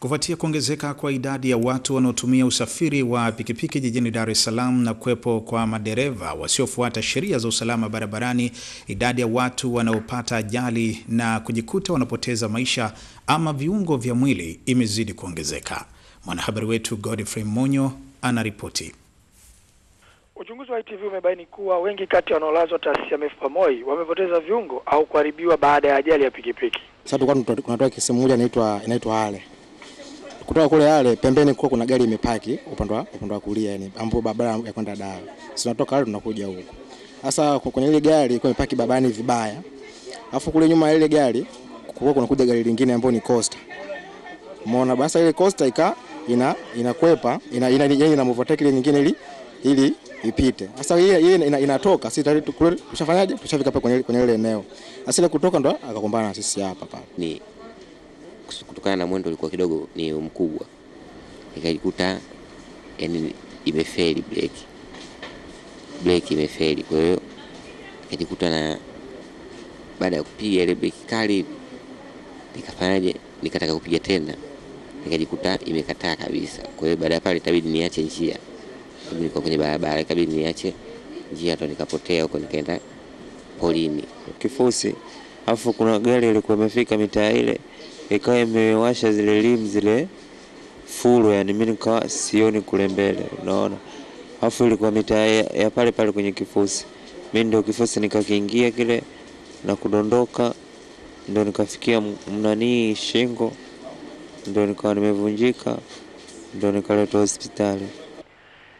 Kufuatia kuongezeka kwa idadi ya watu wanaotumia usafiri wa pikipiki jijini Dar es Salaam na kuwepo kwa madereva wasiofuata sheria za usalama barabarani, idadi ya watu wanaopata ajali na kujikuta wanapoteza maisha ama viungo vya mwili imezidi kuongezeka. Mwanahabari wetu Godfrey Monyo anaripoti. Uchunguzi wa ITV umebaini kuwa wengi kati ya wanaolazwa taasisi ya MEFPA MOI wamepoteza viungo au kuharibiwa baada ya ajali ya pikipiki. Sasa tulikuwa tunatoa kesi moja inaitwa inaitwa Ale kutoka kule yale pembeni kwa kuna gari imepaki upande wa upande wa kulia yani, ambapo barabara ya kwenda Dar. Sisi tunatoka hapo tunakuja huko. Sasa kwenye ile gari ilikuwa imepaki babani vibaya. Alafu kule nyuma ile gari kulikuwa kuja gari lingine ambapo ni Costa. Umeona basi ile Costa ika ina inakwepa ina ina yenye ina overtake ile nyingine ili ili ipite. Sasa hii ina, inatoka sisi tayari kule tushafanyaje? Tushafika kwenye kwenye ile eneo. Asile kutoka ndo akakumbana na sisi hapa pale. Ni kutokana na mwendo ulikuwa kidogo ni mkubwa, nikajikuta yani imefeli breki, breki imefeli. Kwa hiyo nikajikuta na baada ya kupiga ile breki kali, nikafanyaje, nikataka kupiga tena, nikajikuta imekataa kabisa. Kwa hiyo baada ya pale itabidi niache njia, nilikuwa kwenye barabara, ikabidi niache njia, ndo nikapotea huko, nikaenda polini kifusi. Alafu kuna gari ilikuwa imefika mitaa ile ikawa imewasha zile limu zile fulu, yani mimi nikawa sioni kule mbele, unaona. Alafu ilikuwa mita ya pale pale kwenye kifusi, mimi ndio kifusi nikakiingia kile na kudondoka, ndio nikafikia mnanii shingo, ndio nikawa nimevunjika, ndio nikaletwa hospitali.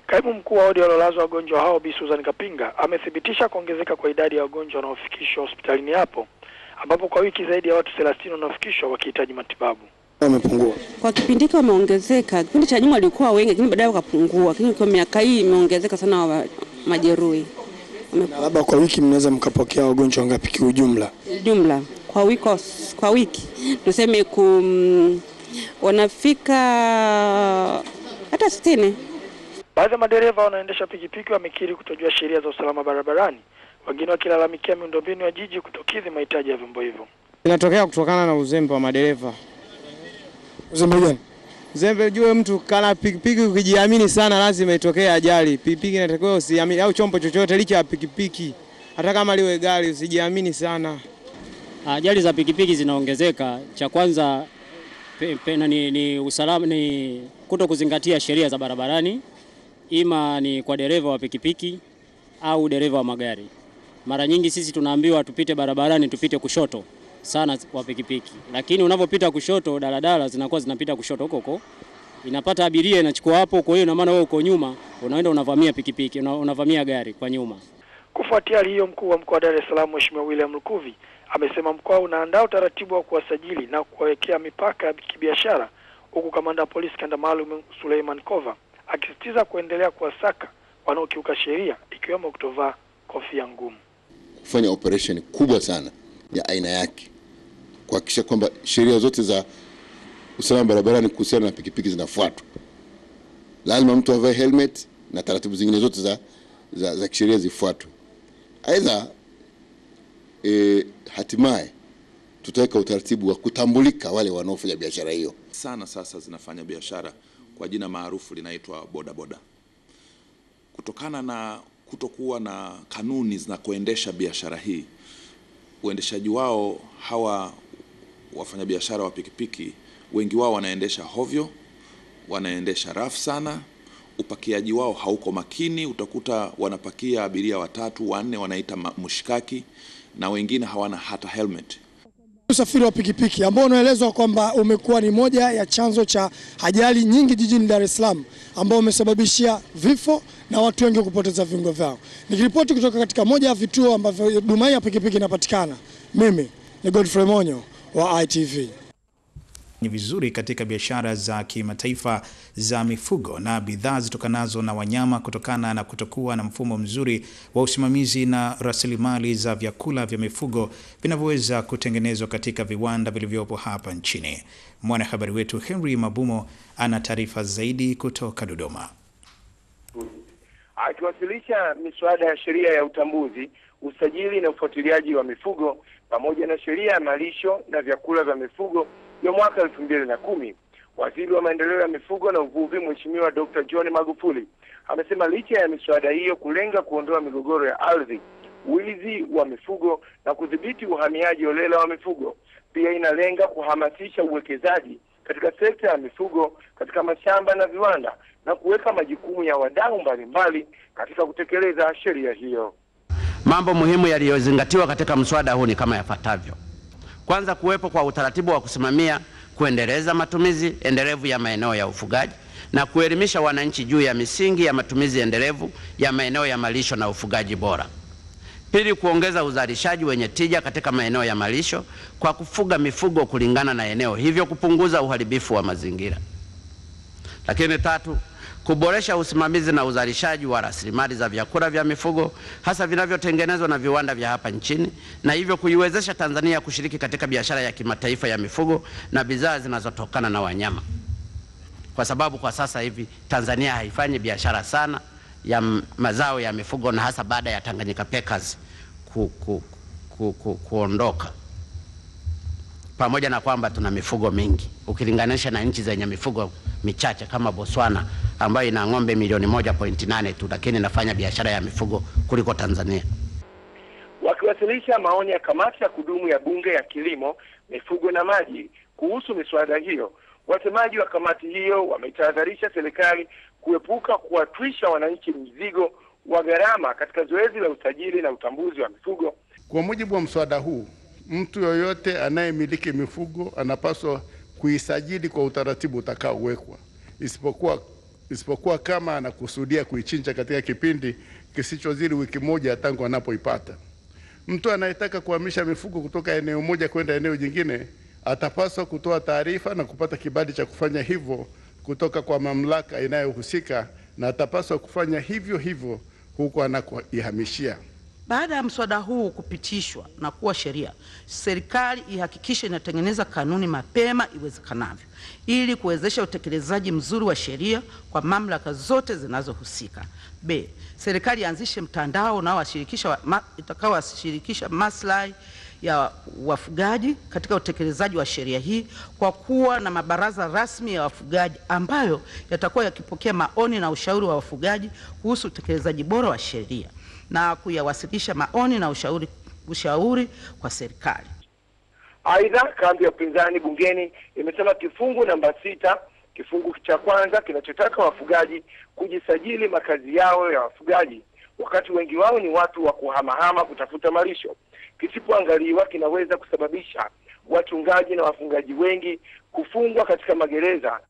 Kaimu mkuu wa wodi waliolazwa wagonjwa hao Bi Susan Kapinga amethibitisha kuongezeka kwa idadi ya wagonjwa wanaofikishwa hospitalini hapo ambapo kwa wiki zaidi ya watu thelathini wanafikishwa wakihitaji matibabu. Wamepungua kwa kipindi hiki, wameongezeka. Kipindi cha nyuma walikuwa wengi, lakini baadaye wakapungua, lakini kwa miaka hii imeongezeka sana wa majeruhi. Labda kwa wiki mnaweza mkapokea wagonjwa wangapi kiujumla? Jumla kwa wiki, kwa wiki tuseme kum, mm, wanafika hata sitini. Baadhi ya madereva wanaendesha pikipiki wamekiri kutojua sheria za usalama barabarani wengine wakilalamikia miundombinu ya jiji kutokidhi mahitaji ya vyombo hivyo. Inatokea kutokana na uzembe wa madereva. Uzembe gani? Uzembe jue, mtu kana pikipiki ukijiamini sana, lazima itokee ajali. Pikipiki inatakiwa usiamini, au chombo chochote licha ya pikipiki, hata kama liwe gari, usijiamini sana. Ajali za pikipiki zinaongezeka. Cha kwanza pe, pe, ni, ni usalama, ni kuto kuzingatia sheria za barabarani, ima ni kwa dereva wa pikipiki au dereva wa magari. Mara nyingi sisi tunaambiwa tupite barabarani, tupite kushoto sana wa pikipiki, lakini unapopita kushoto, daladala zinakuwa zinapita kushoto huko huko, inapata abiria inachukua hapo. Kwa hiyo ina maana wewe uko nyuma, unaenda unavamia pikipiki, unavamia gari kwa nyuma. Kufuatia hali hiyo, mkuu wa mkoa wa Dar es Salaam Mheshimiwa William Lukuvi amesema mkoa unaandaa utaratibu wa kuwasajili na kuwawekea mipaka ya kibiashara, huku kamanda wa polisi kanda maalum Suleiman Kova akisisitiza kuendelea kuwasaka wanaokiuka sheria ikiwemo kutovaa kofia ngumu kufanya operation kubwa sana ya aina yake kuhakikisha kwamba sheria zote za usalama barabarani kuhusiana na pikipiki zinafuatwa. Lazima mtu avae helmet na taratibu zingine zote za, za, za kisheria zifuatwe. Aidha e, hatimaye tutaweka utaratibu wa kutambulika wale wanaofanya biashara hiyo. Sana sasa zinafanya biashara kwa jina maarufu linaitwa bodaboda, kutokana na kutokuwa na kanuni za kuendesha biashara hii. Uendeshaji wao hawa wafanyabiashara wa pikipiki, wengi wao wanaendesha hovyo, wanaendesha rafu sana. Upakiaji wao hauko makini, utakuta wanapakia abiria watatu wanne, wanaita mshikaki, na wengine hawana hata helmet. Usafiri wa pikipiki ambao unaelezwa kwamba umekuwa ni moja ya chanzo cha ajali nyingi jijini Dar es Salaam ambao umesababishia vifo na watu wengi kupoteza viungo vyao. Nikiripoti kutoka katika moja ya vituo ambavyo dumai ya pikipiki inapatikana, mimi ni Godfrey Monyo wa ITV vizuri katika biashara za kimataifa za mifugo na bidhaa zitokanazo na wanyama kutokana na kutokuwa na mfumo mzuri wa usimamizi na rasilimali za vyakula vya mifugo vinavyoweza kutengenezwa katika viwanda vilivyopo hapa nchini. Mwanahabari wetu Henry Mabumo ana taarifa zaidi kutoka Dodoma. Akiwasilisha miswada ya sheria ya utambuzi, usajili na ufuatiliaji wa mifugo pamoja na sheria ya malisho na vyakula vya mifugo ya mwaka elfu mbili na kumi. Waziri wa maendeleo ya mifugo na uvuvi Mheshimiwa Dr. John Magufuli amesema licha ya miswada hiyo kulenga kuondoa migogoro ya ardhi, wizi wa mifugo na kudhibiti uhamiaji holela wa mifugo, pia inalenga kuhamasisha uwekezaji katika sekta ya mifugo katika mashamba na viwanda na kuweka majukumu ya wadau mbalimbali katika kutekeleza sheria hiyo. Mambo muhimu yaliyozingatiwa katika mswada huu ni kama yafuatavyo. Kwanza, kuwepo kwa utaratibu wa kusimamia kuendeleza matumizi endelevu ya maeneo ya ufugaji na kuelimisha wananchi juu ya misingi ya matumizi endelevu ya maeneo ya malisho na ufugaji bora. Pili, kuongeza uzalishaji wenye tija katika maeneo ya malisho kwa kufuga mifugo kulingana na eneo, hivyo kupunguza uharibifu wa mazingira. Lakini tatu, kuboresha usimamizi na uzalishaji wa rasilimali za vyakula vya mifugo hasa vinavyotengenezwa na viwanda vya hapa nchini na hivyo kuiwezesha Tanzania kushiriki katika biashara ya kimataifa ya mifugo na bidhaa zinazotokana na wanyama, kwa sababu kwa sasa hivi Tanzania haifanyi biashara sana ya mazao ya mifugo na hasa baada ya Tanganyika Packers ku, ku, ku, ku, kuondoka pamoja na kwamba tuna mifugo mingi ukilinganisha na nchi zenye mifugo michache kama Botswana ambayo ina ng'ombe milioni moja pointi nane tu, lakini inafanya biashara ya mifugo kuliko Tanzania. Wakiwasilisha maoni ya kamati ya kudumu ya bunge ya kilimo, mifugo na maji kuhusu miswada hiyo, wasemaji wa kamati hiyo wametahadharisha serikali kuepuka kuwatwisha wananchi mzigo wa gharama katika zoezi la usajili na utambuzi wa mifugo. Kwa mujibu wa mswada huu, mtu yoyote anayemiliki mifugo anapaswa kuisajili kwa utaratibu utakaowekwa isipokuwa isipokuwa kama anakusudia kuichinja katika kipindi kisichozidi wiki moja tangu anapoipata. Mtu anayetaka kuhamisha mifugo kutoka eneo moja kwenda eneo jingine atapaswa kutoa taarifa na kupata kibali cha kufanya hivyo kutoka kwa mamlaka inayohusika na atapaswa kufanya hivyo hivyo huko anakoihamishia. Baada ya mswada huu kupitishwa na kuwa sheria, serikali ihakikishe inatengeneza kanuni mapema iwezekanavyo ili kuwezesha utekelezaji mzuri wa sheria kwa mamlaka zote zinazohusika. B, serikali ianzishe mtandao unaowashirikisha itakaowashirikisha maslahi ya wafugaji katika utekelezaji wa sheria hii kwa kuwa na mabaraza rasmi ya wafugaji ambayo yatakuwa yakipokea maoni na ushauri wa wafugaji kuhusu utekelezaji bora wa sheria na kuyawasilisha maoni na ushauri, ushauri kwa serikali. Aidha, kambi ya upinzani bungeni imesema kifungu namba sita kifungu cha kwanza kinachotaka wafugaji kujisajili makazi yao ya wafugaji, wakati wengi wao ni watu wa kuhamahama kutafuta malisho, kisipoangaliwa kinaweza kusababisha wachungaji na wafungaji wengi kufungwa katika magereza